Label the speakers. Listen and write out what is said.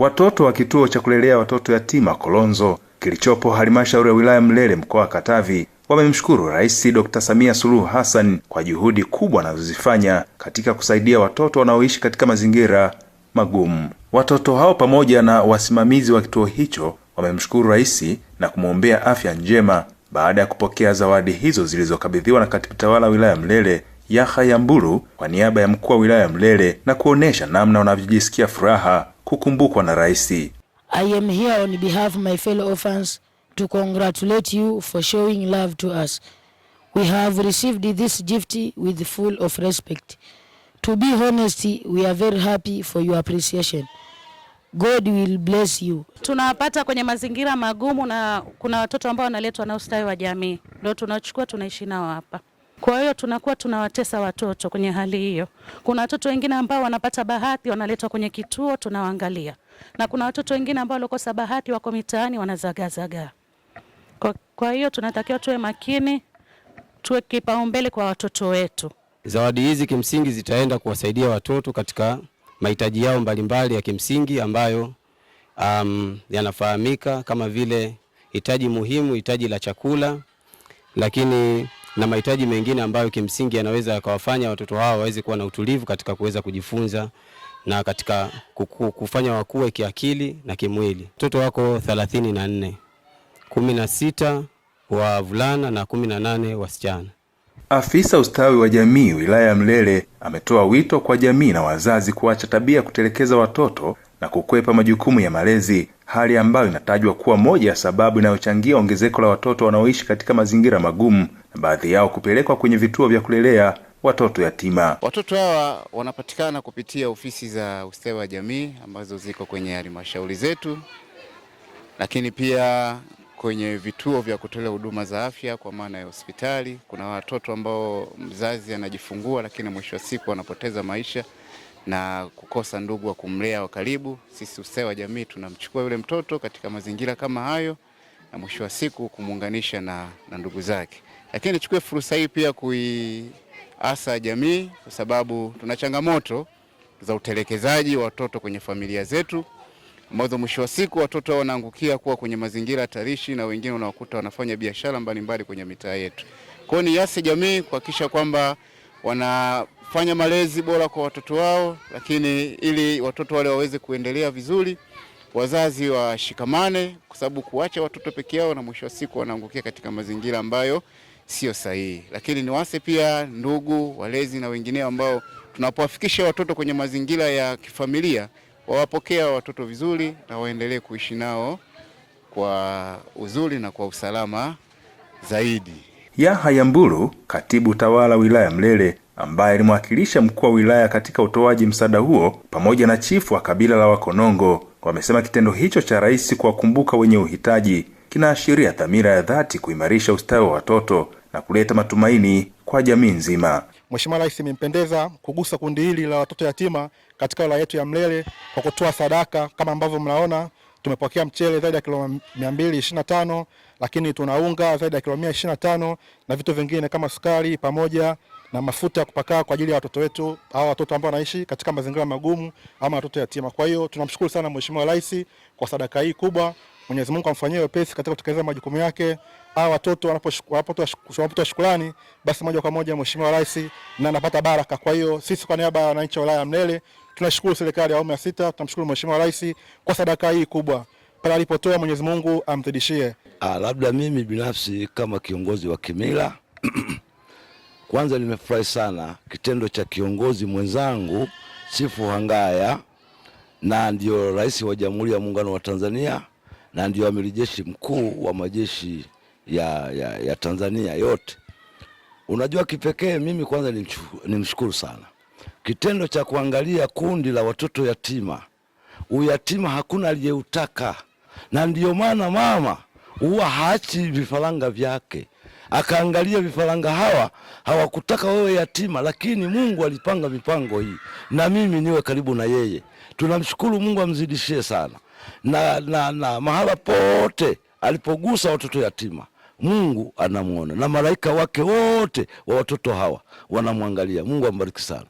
Speaker 1: Watoto wa kituo cha kulelea watoto yatima Kolonzo kilichopo halmashauri ya wilaya Mlele mkoa wa Katavi wamemshukuru Rais Dr. Samia Suluhu Hassan kwa juhudi kubwa anazozifanya katika kusaidia watoto wanaoishi katika mazingira magumu. Watoto hao pamoja na wasimamizi wa kituo hicho wamemshukuru rais na kumwombea afya njema baada ya kupokea zawadi hizo zilizokabidhiwa na katibu tawala wilaya Mlele Yahya Mbulu kwa niaba ya mkuu wa wilaya Mlele na kuonesha namna wanavyojisikia furaha kukumbukwa na rais.
Speaker 2: I am here on behalf of my fellow orphans to congratulate you for showing love to us. We have received this gift with full of respect. To be honest, we are very happy for your appreciation. God will bless you.
Speaker 3: Tunawapata kwenye mazingira magumu na kuna watoto ambao wanaletwa na ustawi wa jamii. Ndio tunachukua tunaishi nao hapa.
Speaker 4: Kwa hiyo tunakuwa tunawatesa watoto kwenye hali hiyo. Kuna watoto wengine ambao wanapata bahati wanaletwa kwenye kituo tunawaangalia, na kuna watoto wengine ambao walikosa bahati wako mitaani wanazagazaga. Kwa, kwa hiyo tunatakiwa tuwe makini, tuwe kipaumbele kwa watoto wetu.
Speaker 5: Zawadi hizi kimsingi zitaenda kuwasaidia watoto katika mahitaji yao mbalimbali ya kimsingi ambayo um, yanafahamika kama vile hitaji muhimu, hitaji la chakula, lakini na mahitaji mengine ambayo kimsingi yanaweza yakawafanya watoto hawa waweze kuwa na utulivu katika kuweza kujifunza na katika kuku, kufanya wakuwe kiakili na kimwili. Watoto wako thelathini na nne, kumi na sita wavulana na kumi na nane wasichana.
Speaker 1: Afisa ustawi wa jamii wilaya ya Mlele ametoa wito kwa jamii na wazazi kuacha tabia ya kutelekeza watoto na kukwepa majukumu ya malezi, hali ambayo inatajwa kuwa moja ya sababu inayochangia ongezeko la watoto wanaoishi katika mazingira magumu na baadhi yao kupelekwa kwenye vituo vya kulelea watoto yatima.
Speaker 6: Watoto hawa wanapatikana kupitia ofisi za ustawi wa jamii ambazo ziko kwenye halmashauri zetu, lakini pia kwenye vituo vya kutolea huduma za afya kwa maana ya hospitali. Kuna watoto ambao mzazi anajifungua, lakini mwisho wa siku anapoteza maisha na kukosa ndugu wa kumlea wa karibu. Sisi ustawi wa jamii tunamchukua yule mtoto katika mazingira kama hayo na mwisho wa siku kumuunganisha na, na ndugu zake. Lakini nichukue fursa hii pia kuiasa jamii, kwa sababu tuna changamoto za utelekezaji wa watoto kwenye familia zetu ambazo mwisho wa siku watoto hao wanaangukia kuwa kwenye mazingira hatarishi, na wengine unawakuta wanafanya biashara mbalimbali kwenye mitaa yetu. Kwa hiyo ni yasi jamii kuhakikisha kwamba wanafanya malezi bora kwa watoto wao, lakini ili watoto wale waweze kuendelea vizuri, wazazi washikamane, kwa sababu kuacha watoto peke yao na mwisho wa siku wanaangukia katika mazingira ambayo sio sahihi. Lakini ni wase pia ndugu walezi na wengineo ambao tunapowafikisha watoto kwenye mazingira ya kifamilia wawapokea watoto vizuri na waendelee kuishi nao kwa uzuri na kwa usalama zaidi.
Speaker 1: Yahaya Mbulu, katibu tawala wilaya Mlele, ambaye alimwakilisha mkuu wa wilaya katika utoaji msaada huo, pamoja na chifu wa kabila la Wakonongo, wamesema kitendo hicho cha rais kuwakumbuka wenye uhitaji kinaashiria dhamira ya dhati kuimarisha ustawi wa watoto na kuleta matumaini kwa jamii nzima.
Speaker 7: Mheshimiwa Rais imempendeza kugusa kundi hili la watoto yatima katika wilaya yetu ya Mlele kwa kutoa sadaka kama ambavyo mnaona tumepokea mchele zaidi ya kilo 225 lakini tuna unga zaidi ya kilo 125 na vitu vingine kama sukari pamoja na mafuta ya kupaka kwa ajili ya watoto wetu au watoto ambao wanaishi katika mazingira magumu ama watoto yatima. Kwa hiyo tunamshukuru sana Mheshimiwa Rais kwa sadaka hii kubwa Mwenyezi Mungu amfanyie wepesi katika kutekeleza majukumu yake. Hawa watoto wanapotoa shukrani, basi moja kwa moja Mheshimiwa Rais na anapata baraka. Kwa hiyo sisi kwa niaba ya wananchi wa wilaya ya Mlele tunashukuru serikali ya awamu ya sita, tunamshukuru Mheshimiwa Rais kwa sadaka hii kubwa, pale alipotoa Mwenyezi Mungu amzidishie.
Speaker 8: Ah, labda mimi binafsi kama kiongozi wa kimila kwanza nimefurahi sana kitendo cha kiongozi mwenzangu Chifu Hangaya na ndio rais wa Jamhuri ya Muungano wa Tanzania na ndio amiri jeshi mkuu wa majeshi ya, ya, ya Tanzania yote. Unajua kipekee mimi kwanza nimshukuru sana kitendo cha kuangalia kundi la watoto yatima. Uyatima hakuna aliyeutaka, na ndiyo maana mama huwa haachi vifaranga vyake, akaangalia vifaranga hawa hawakutaka wewe yatima, lakini Mungu alipanga mipango hii na mimi niwe karibu na yeye. Tunamshukuru Mungu amzidishie sana na, na, na mahala pote alipogusa watoto yatima Mungu anamwona na malaika wake wote wa watoto hawa wanamwangalia. Mungu ambariki sana.